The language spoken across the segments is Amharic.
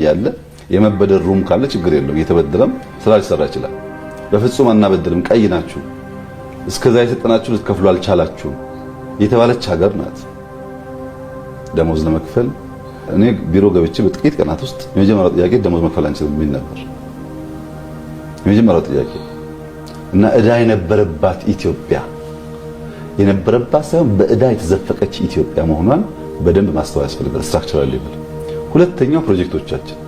እያለ የመበደር ሩም ካለ ችግር የለው እየተበደረም ስራ ሊሰራ ይችላል። በፍጹም አናበድርም ቀይ ናችሁ እስከዛ የሰጠናችሁ ልትከፍሉ አልቻላችሁም የተባለች ሀገር ናት። ደሞዝ ለመክፈል እኔ ቢሮ ገብቼ በጥቂት ቀናት ውስጥ የመጀመሪያው ጥያቄ ደሞዝ መክፈል አንችልም የሚል ነበር። የመጀመሪያው ጥያቄ እና እዳ የነበረባት ኢትዮጵያ የነበረባት ሳይሆን በእዳ የተዘፈቀች ኢትዮጵያ መሆኗን በደንብ ማስተዋል ያስፈልጋል። ስትራክቸራል ሌቭል ሁለተኛው ፕሮጀክቶቻችን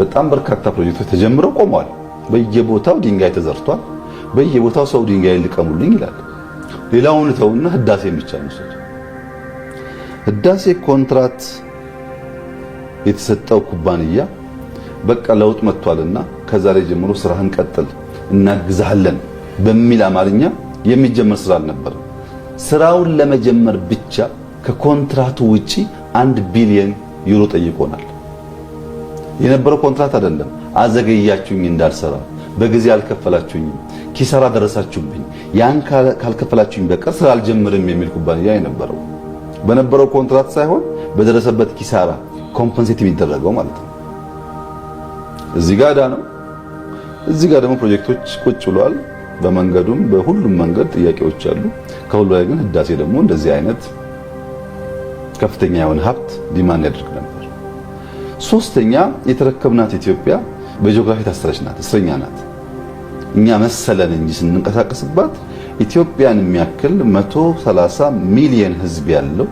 በጣም በርካታ ፕሮጀክቶች ተጀምረው ቆመዋል። በየቦታው ድንጋይ ተዘርቷል። በየቦታው ሰው ድንጋይ ልቀሙልኝ ይላል። ሌላውን ተውና ህዳሴ ብቻ ነው። ህዳሴ ኮንትራት የተሰጠው ኩባንያ በቃ ለውጥ መጥቷልና ከዛሬ ጀምሮ ስራህን ቀጥል እናግዛለን በሚል አማርኛ የሚጀመር ስራ አልነበረ። ስራውን ለመጀመር ብቻ ከኮንትራቱ ውጪ አንድ ቢሊየን ዩሮ ጠይቆናል። የነበረው ኮንትራት አይደለም። አዘገያችሁኝ፣ እንዳልሰራ በጊዜ አልከፈላችሁኝም፣ ኪሳራ ደረሳችሁብኝ፣ ያን ካልከፈላችሁኝ በቀር ስራ አልጀምርም የሚል ኩባንያ የነበረው በነበረው ኮንትራት ሳይሆን በደረሰበት ኪሳራ ኮምፐንሴት የሚደረገው ማለት ነው። እዚህ ጋር ዕዳ ነው። እዚህ ጋር ደግሞ ፕሮጀክቶች ቁጭ ብሏል። በመንገዱም በሁሉም መንገድ ጥያቄዎች አሉ። ከሁሉ ላይ ግን ህዳሴ ደግሞ እንደዚህ አይነት ከፍተኛ የሆነ ሀብት ዲማንድ ያደርግ ነበር። ሶስተኛ የተረከብናት ኢትዮጵያ በጂኦግራፊ ታሰረች ናት፣ እስረኛ ናት። እኛ መሰለን እንጂ ስንንቀሳቀስባት ኢትዮጵያን የሚያክል 130 ሚሊየን ህዝብ ያለው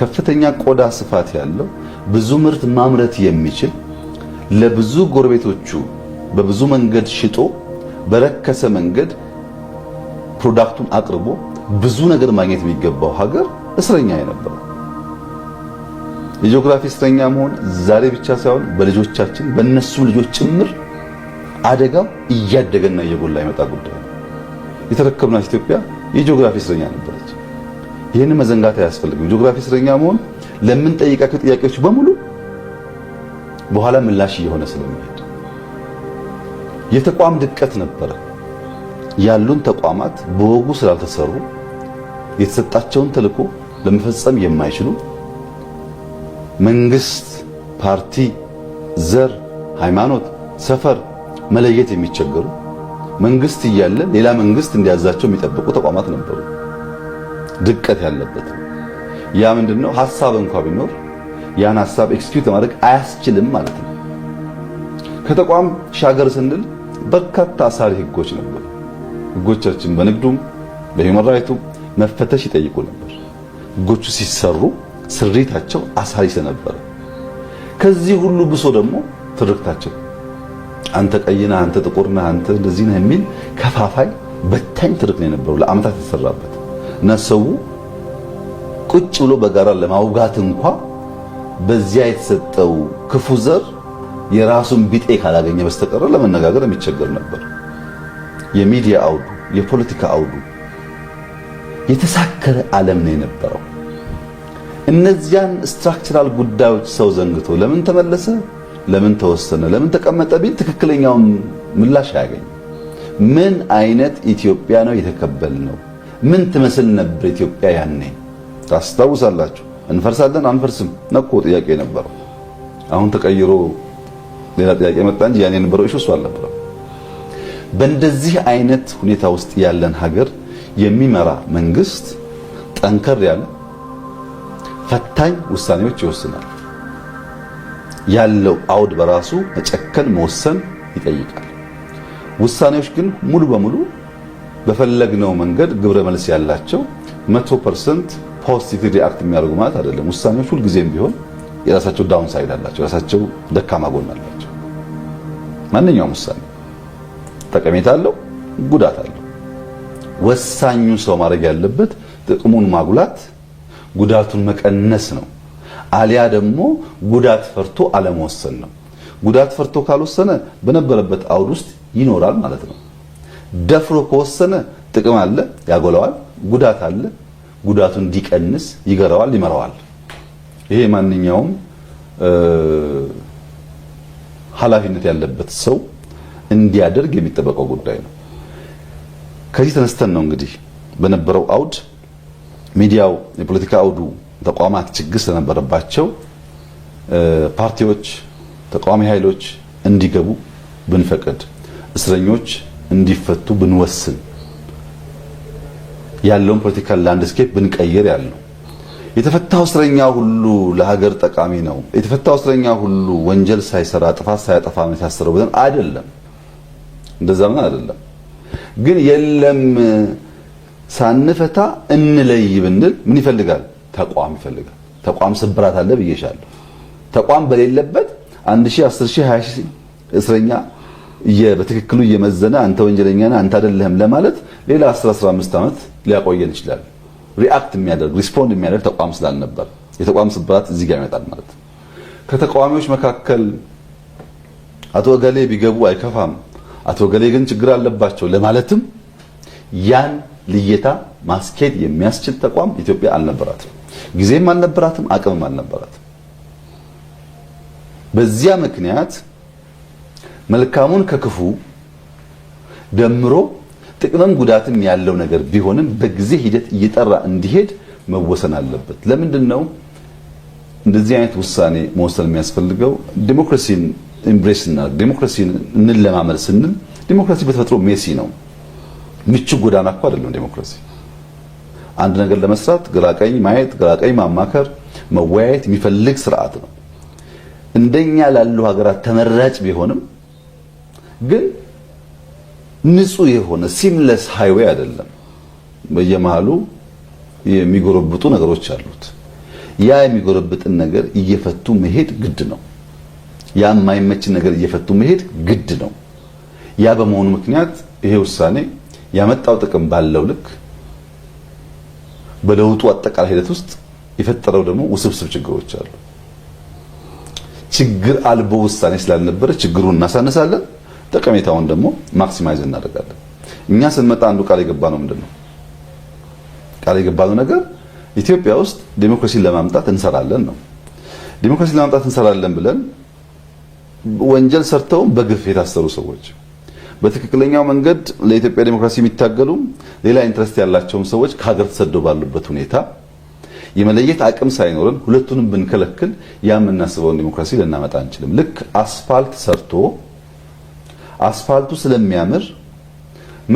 ከፍተኛ ቆዳ ስፋት ያለው ብዙ ምርት ማምረት የሚችል ለብዙ ጎረቤቶቹ በብዙ መንገድ ሽጦ በረከሰ መንገድ ፕሮዳክቱን አቅርቦ ብዙ ነገር ማግኘት የሚገባው ሀገር እስረኛ የነበረው የጂኦግራፊ እስረኛ መሆን ዛሬ ብቻ ሳይሆን በልጆቻችን በእነሱም ልጆች ጭምር አደጋው እያደገና እየጎላ ይመጣ ጉዳይ ነው። የተረከብናት ኢትዮጵያ የጂኦግራፊ እስረኛ ነበረች። ይህን መዘንጋት አያስፈልግም። የጂኦግራፊ እስረኛ መሆን ለምንጠይቃቸው ጥያቄዎች በሙሉ በኋላ ምላሽ እየሆነ ስለሚሄድ የተቋም ድቀት ነበረ። ያሉን ተቋማት በወጉ ስላልተሰሩ የተሰጣቸውን ተልዕኮ ለመፈጸም የማይችሉ መንግስት፣ ፓርቲ፣ ዘር፣ ሃይማኖት፣ ሰፈር መለየት የሚቸገሩ መንግስት እያለ ሌላ መንግስት እንዲያዛቸው የሚጠብቁ ተቋማት ነበሩ። ድቀት ያለበት ያ ምንድነው? ሀሳብ እንኳ ቢኖር ያን ሀሳብ ኤክስኪዩት ለማድረግ አያስችልም ማለት ነው። ከተቋም ሻገር ስንል በርካታ አሳሪ ህጎች ነበሩ። ህጎቻችን በንግዱም በሂውማን ራይቱ መፈተሽ ይጠይቁ ነበር። ህጎቹ ሲሰሩ ስሪታቸው አሳሪስ ነበር። ከዚህ ሁሉ ብሶ ደግሞ ትርክታቸው አንተ ቀይና አንተ ጥቁርና አንተ እንደዚህ ነህ የሚል ከፋፋይ በታኝ ትርክ ነው የነበረው። ለአመታት የተሰራበት እና ሰው ቁጭ ብሎ በጋራ ለማውጋት እንኳ በዚያ የተሰጠው ክፉ ዘር የራሱን ቢጤ ካላገኘ በስተቀር ለመነጋገር የሚቸገር ነበር። የሚዲያ አውዱ፣ የፖለቲካ አውዱ የተሳከረ ዓለም ነው የነበረው። እነዚያን ስትራክቸራል ጉዳዮች ሰው ዘንግቶ ለምን ተመለሰ፣ ለምን ተወሰነ፣ ለምን ተቀመጠ ቢል ትክክለኛውን ምላሽ አያገኝ። ምን አይነት ኢትዮጵያ ነው የተከበል ነው? ምን ትመስል ነበር ኢትዮጵያ ያኔ? ታስታውሳላችሁ? እንፈርሳለን አንፈርስም ነኮ ጥያቄ ነበረው። አሁን ተቀይሮ ሌላ ጥያቄ መጣ እንጂ ያኔ የነበረው እሱ አልነበረም። በእንደዚህ አይነት ሁኔታ ውስጥ ያለን ሀገር የሚመራ መንግስት ጠንከር ያለ ፈታኝ ውሳኔዎች ይወስናል። ያለው አውድ በራሱ መጨከን መወሰን ይጠይቃል። ውሳኔዎች ግን ሙሉ በሙሉ በፈለግነው መንገድ ግብረ መልስ ያላቸው 100% ፖዚቲቭ ሪአክት የሚያደርጉ ማለት አይደለም። ውሳኔዎች ሁልጊዜም ቢሆን የራሳቸው ዳውን ሳይድ አላቸው፣ የራሳቸው ደካማ ጎን አላቸው። ማንኛውም ውሳኔ ጠቀሜታ አለው፣ ጉዳት አለው። ወሳኙ ሰው ማድረግ ያለበት ጥቅሙን ማጉላት ጉዳቱን መቀነስ ነው። አሊያ ደግሞ ጉዳት ፈርቶ አለመወሰን ነው። ጉዳት ፈርቶ ካልወሰነ በነበረበት አውድ ውስጥ ይኖራል ማለት ነው። ደፍሮ ከወሰነ ጥቅም አለ፣ ያጎለዋል። ጉዳት አለ፣ ጉዳቱን እንዲቀንስ ይገረዋል፣ ይመራዋል። ይሄ ማንኛውም ኃላፊነት ያለበት ሰው እንዲያደርግ የሚጠበቀው ጉዳይ ነው። ከዚህ ተነስተን ነው እንግዲህ በነበረው አውድ ሚዲያው የፖለቲካ አውዱ ተቋማት ችግር ስለነበረባቸው ፓርቲዎች፣ ተቃዋሚ ኃይሎች እንዲገቡ ብንፈቅድ፣ እስረኞች እንዲፈቱ ብንወስን፣ ያለውን ፖለቲካል ላንድስኬፕ ብንቀይር ያለው የተፈታው እስረኛ ሁሉ ለሀገር ጠቃሚ ነው፣ የተፈታው እስረኛ ሁሉ ወንጀል ሳይሰራ ጥፋት ሳያጠፋ ነው የታሰረው ብለን አይደለም። እንደዛ ምን አይደለም ግን የለም ሳንፈታ እንለይ ብንል ምን ይፈልጋል? ተቋም ይፈልጋል። ተቋም ስብራት አለ ብዬሻለሁ። ተቋም በሌለበት አንድ ሺህ አስር እስረኛ በትክክሉ እየመዘነ አንተ ወንጀለኛ ነህ አንተ አይደለህም ለማለት ሌላ 10 15 ዓመት ሊያቆየን ይችላል። ሪአክት የሚያደርግ ሪስፖንድ የሚያደርግ ተቋም ስላልነበር የተቋም ስብራት እዚህ ጋር ይመጣል ማለት ነው። ከተቃዋሚዎች መካከል አቶ ገሌ ቢገቡ አይከፋም፣ አቶ ገሌ ግን ችግር አለባቸው ለማለትም ያን ልየታ ማስኬድ የሚያስችል ተቋም ኢትዮጵያ አልነበራትም። ጊዜም አልነበራትም፣ አቅምም አልነበራትም። በዚያ ምክንያት መልካሙን ከክፉ ደምሮ ጥቅምም ጉዳትም ያለው ነገር ቢሆንም በጊዜ ሂደት እየጠራ እንዲሄድ መወሰን አለበት። ለምንድን ነው እንደዚህ አይነት ውሳኔ መወሰን የሚያስፈልገው? ዲሞክራሲን ኢምብሬስ እና ዲሞክራሲን እንለማመድ ስንል ዲሞክራሲ በተፈጥሮ ሜሲ ነው። ምቹ ጎዳና እኮ አይደለም ዴሞክራሲ። አንድ ነገር ለመስራት ግራቀኝ ማየት፣ ግራቀኝ ማማከር፣ መወያየት የሚፈልግ ስርዓት ነው። እንደኛ ላሉ ሀገራት ተመራጭ ቢሆንም ግን ንጹህ የሆነ ሲምለስ ሃይዌ አይደለም። በየመሃሉ የሚጎረብጡ ነገሮች አሉት። ያ የሚጎረብጥን ነገር እየፈቱ መሄድ ግድ ነው። ያ የማይመችን ነገር እየፈቱ መሄድ ግድ ነው። ያ በመሆኑ ምክንያት ይሄ ውሳኔ ያመጣው ጥቅም ባለው ልክ በለውጡ አጠቃላይ ሂደት ውስጥ የፈጠረው ደግሞ ውስብስብ ችግሮች አሉ። ችግር አልቦ ውሳኔ ስላልነበረ ችግሩን እናሳነሳለን። ጠቀሜታውን ደግሞ ማክሲማይዝ እናደርጋለን። እኛ ስንመጣ አንዱ ቃል የገባነው ምንድን ነው? ቃል የገባነው ነገር ኢትዮጵያ ውስጥ ዴሞክራሲን ለማምጣት እንሰራለን ነው። ዴሞክራሲን ለማምጣት እንሰራለን ብለን ወንጀል ሰርተውም በግፍ የታሰሩ ሰዎች በትክክለኛው መንገድ ለኢትዮጵያ ዴሞክራሲ የሚታገሉ ሌላ ኢንትረስት ያላቸውን ሰዎች ከሀገር ተሰደው ባሉበት ሁኔታ የመለየት አቅም ሳይኖረን ሁለቱንም ብንከለክል ያ የምናስበውን ዴሞክራሲ ልናመጣ አንችልም። ልክ አስፋልት ሰርቶ አስፋልቱ ስለሚያምር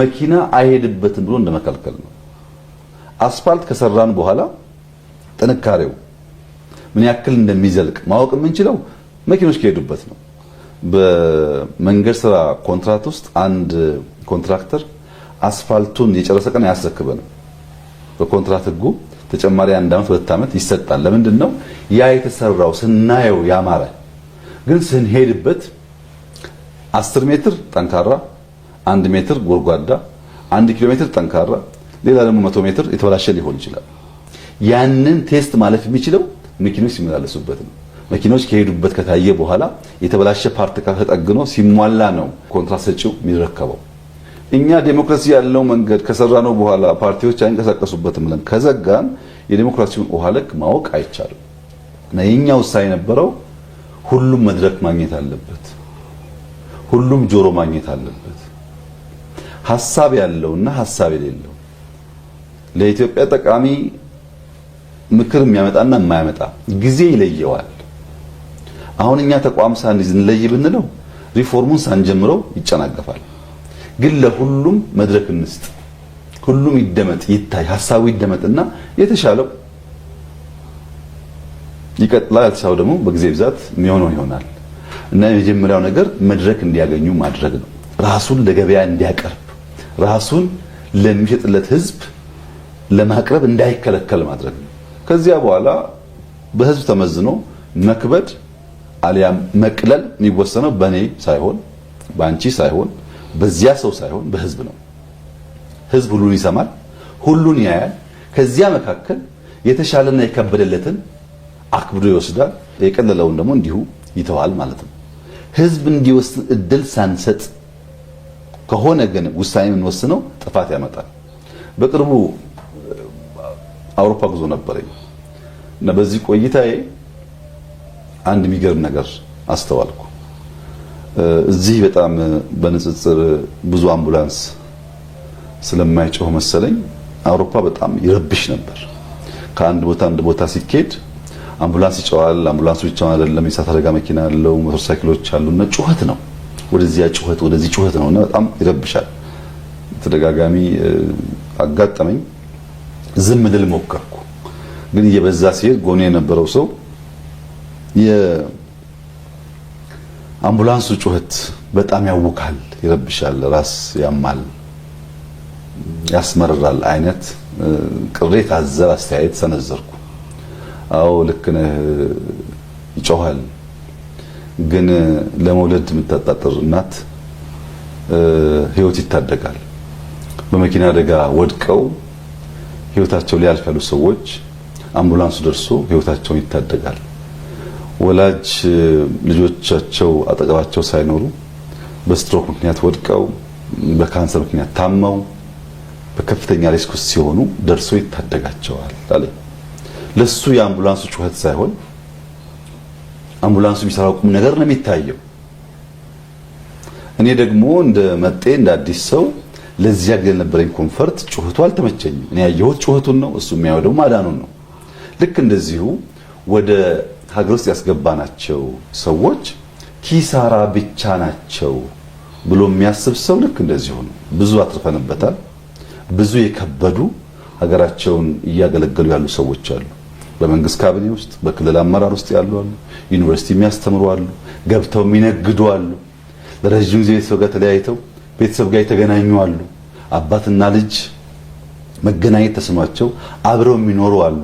መኪና አይሄድበትም ብሎ እንደመከልከል ነው። አስፋልት ከሰራን በኋላ ጥንካሬው ምን ያክል እንደሚዘልቅ ማወቅ የምንችለው መኪኖች ከሄዱበት ነው። በመንገድ ስራ ኮንትራክት ውስጥ አንድ ኮንትራክተር አስፋልቱን የጨረሰ ቀን አያስረክበንም። በኮንትራክት ህጉ ተጨማሪ አንድ አመት ሁለት አመት ይሰጣል። ለምንድን ነው ያ የተሰራው ስናየው ያማረ፣ ግን ስንሄድበት አስር ሜትር ጠንካራ፣ አንድ ሜትር ጎድጓዳ፣ አንድ ኪሎ ሜትር ጠንካራ፣ ሌላ ደግሞ መቶ ሜትር የተበላሸ ሊሆን ይችላል። ያንን ቴስት ማለፍ የሚችለው መኪኖች ሲመላለሱበት ነው። መኪኖች ከሄዱበት ከታየ በኋላ የተበላሸ ፓርት ተጠግኖ ሲሟላ ነው ኮንትራት ሰጪው የሚረከበው። እኛ ዴሞክራሲ ያለው መንገድ ከሰራ ነው በኋላ ፓርቲዎች አይንቀሳቀሱበትም ብለን ከዘጋን የዴሞክራሲውን ውሃ ልክ ማወቅ አይቻልም። እና የኛ ውሳኔ የነበረው ሁሉም መድረክ ማግኘት አለበት፣ ሁሉም ጆሮ ማግኘት አለበት። ሀሳብ ያለውና ሀሳብ የሌለው ለኢትዮጵያ ጠቃሚ ምክር የሚያመጣና የማያመጣ ጊዜ ይለየዋል። አሁን እኛ ተቋም ሳንይዝ እንለይ ብንለው ሪፎርሙን ሳንጀምረው ይጨናገፋል። ግን ለሁሉም መድረክ እንስጥ፣ ሁሉም ይደመጥ፣ ይታይ፣ ሀሳቡ ይደመጥና የተሻለው ይቀጥላል። ያልተሻለው ደግሞ በጊዜ ብዛት የሚሆነው ይሆናል እና የመጀመሪያው ነገር መድረክ እንዲያገኙ ማድረግ ነው። ራሱን ለገበያ እንዲያቀርብ፣ ራሱን ለሚሸጥለት ህዝብ ለማቅረብ እንዳይከለከል ማድረግ ነው። ከዚያ በኋላ በህዝብ ተመዝኖ መክበድ አሊያም መቅለል የሚወሰነው በእኔ ሳይሆን በአንቺ ሳይሆን በዚያ ሰው ሳይሆን በህዝብ ነው። ህዝብ ሁሉን ይሰማል፣ ሁሉን ያያል። ከዚያ መካከል የተሻለና የከበደለትን አክብዶ ይወስዳል፣ የቀለለውን ደግሞ እንዲሁ ይተዋል ማለት ነው። ህዝብ እንዲወስን እድል ሳንሰጥ ከሆነ ግን ውሳኔ የምንወስነው ጥፋት ያመጣል። በቅርቡ አውሮፓ ጉዞ ነበረኝ እና በዚህ ቆይታዬ አንድ የሚገርም ነገር አስተዋልኩ። እዚህ በጣም በንጽጽር ብዙ አምቡላንስ ስለማይጮህ መሰለኝ አውሮፓ በጣም ይረብሽ ነበር። ከአንድ ቦታ አንድ ቦታ ሲኬድ አምቡላንስ ይጨዋል አምቡላንሱ ብቻውን አይደለም፣ የእሳት አደጋ መኪና ያለው፣ ሞተር ሳይክሎች አሉና ጩኸት ነው። ወደዚያ ጩኸት ወደዚህ ጩኸት ነውና በጣም ይረብሻል። ተደጋጋሚ አጋጠመኝ። ዝም ልል ሞከርኩ፣ ግን እየበዛ ሲሄድ ጎኔ የነበረው ሰው የአምቡላንሱ ጩኸት በጣም ያውካል፣ ይረብሻል፣ ራስ ያማል፣ ያስመርራል አይነት ቅሬታ አዘል አስተያየት ሰነዘርኩ። አዎ ልክ ነህ፣ ይጮሃል። ግን ለመውለድ የምታጣጥር እናት ህይወት ይታደጋል። በመኪና አደጋ ወድቀው ህይወታቸው ሊያልፍ ያሉ ሰዎች አምቡላንሱ ደርሶ ህይወታቸውን ይታደጋል። ወላጅ ልጆቻቸው አጠገባቸው ሳይኖሩ በስትሮክ ምክንያት ወድቀው በካንሰር ምክንያት ታመው በከፍተኛ ሪስክ ውስጥ ሲሆኑ ደርሶ ይታደጋቸዋል አለኝ። ለሱ የአምቡላንሱ ጩኸት ሳይሆን አምቡላንሱ የሚሰራው ቁም ነገር ነው የሚታየው። እኔ ደግሞ እንደ መጤ እንደ አዲስ ሰው ለዚያ ጊዜ ነበረኝ ኮንፈርት ጩኸቱ አልተመቸኝም። እኔ ያየሁት ጩኸቱን ነው፣ እሱ የሚያየው ደግሞ ማዳኑን ነው። ልክ እንደዚሁ ወደ ሀገር ውስጥ ያስገባናቸው ሰዎች ኪሳራ ብቻ ናቸው ብሎ የሚያስብ ሰው ልክ እንደዚሁ ነው። ብዙ አትርፈንበታል። ብዙ የከበዱ ሀገራቸውን እያገለገሉ ያሉ ሰዎች አሉ። በመንግስት ካቢኔ ውስጥ በክልል አመራር ውስጥ ያሉ አሉ። ዩኒቨርሲቲ የሚያስተምሩ አሉ። ገብተው የሚነግዱ አሉ። ለረጅም ጊዜ ቤተሰብ ጋር ተለያይተው ቤተሰብ ጋር የተገናኙ አሉ። አባትና ልጅ መገናኘት ተስኗቸው አብረው የሚኖሩ አሉ።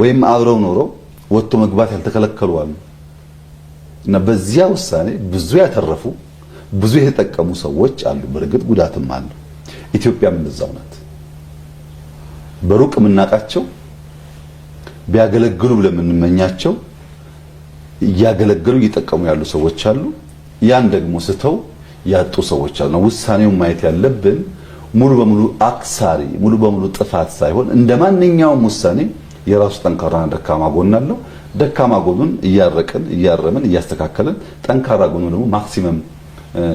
ወይም አብረው ኖረው ወጥቶ መግባት ያልተከለከሉ አሉ እና በዚያ ውሳኔ ብዙ ያተረፉ ብዙ የተጠቀሙ ሰዎች አሉ። በእርግጥ ጉዳትም አሉ። ኢትዮጵያም እንደዛው ናት። በሩቅ የምናውቃቸው ቢያገለግሉ ብለን የምንመኛቸው እያገለገሉ እየጠቀሙ ያሉ ሰዎች አሉ። ያን ደግሞ ስተው ያጡ ሰዎች አሉ። ውሳኔውን ማየት ያለብን ሙሉ በሙሉ አክሳሪ ሙሉ በሙሉ ጥፋት ሳይሆን እንደ ማንኛውም ውሳኔ የራሱ ጠንካራና ደካማ ጎን አለው። ደካማ ጎኑን እያረቅን እያረምን እያስተካከልን ጠንካራ ጎኑ ደግሞ ማክሲመም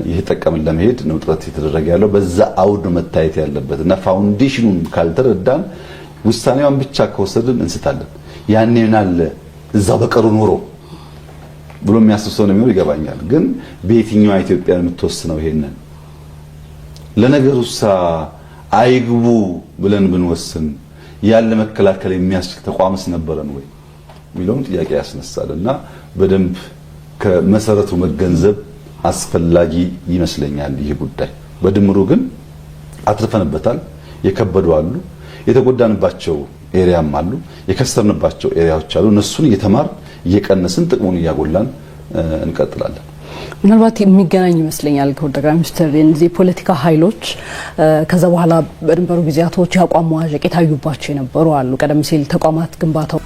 እየተጠቀምን ለመሄድ ነው ጥረት እየተደረገ ያለው። በዛ አውድ መታየት ያለበት እና ፋውንዴሽኑን ካልተረዳን ውሳኔዋን ብቻ ከወሰድን እንስታለን። ያኔ ምናለ እዛው በቀሩ ኖሮ ብሎ የሚያስብ ሰው ነው የሚሆን ይገባኛል። ግን በየትኛዋ ኢትዮጵያ የምትወስነው ይሄንን ለነገሩሳ አይግቡ ብለን ብንወስን ያን ለመከላከል የሚያስችል ተቋምስ ነበረን ወይ የሚለውን ጥያቄ ያስነሳል እና በደንብ ከመሰረቱ መገንዘብ አስፈላጊ ይመስለኛል። ይህ ጉዳይ በድምሩ ግን አትርፈንበታል። የከበዱ አሉ፣ የተጎዳንባቸው ኤሪያም አሉ፣ የከሰርንባቸው ኤሪያዎች አሉ። እነሱን እየተማር እየቀነስን ጥቅሙን እያጎላን እንቀጥላለን። ምናልባት የሚገናኝ ይመስለኛል ክቡር ጠቅላይ ሚኒስትር እነዚህ የፖለቲካ ኃይሎች ከዛ በኋላ በድንበሩ ጊዜያቶች የአቋም መዋዠቅ የታዩባቸው የነበሩ አሉ። ቀደም ሲል ተቋማት ግንባታው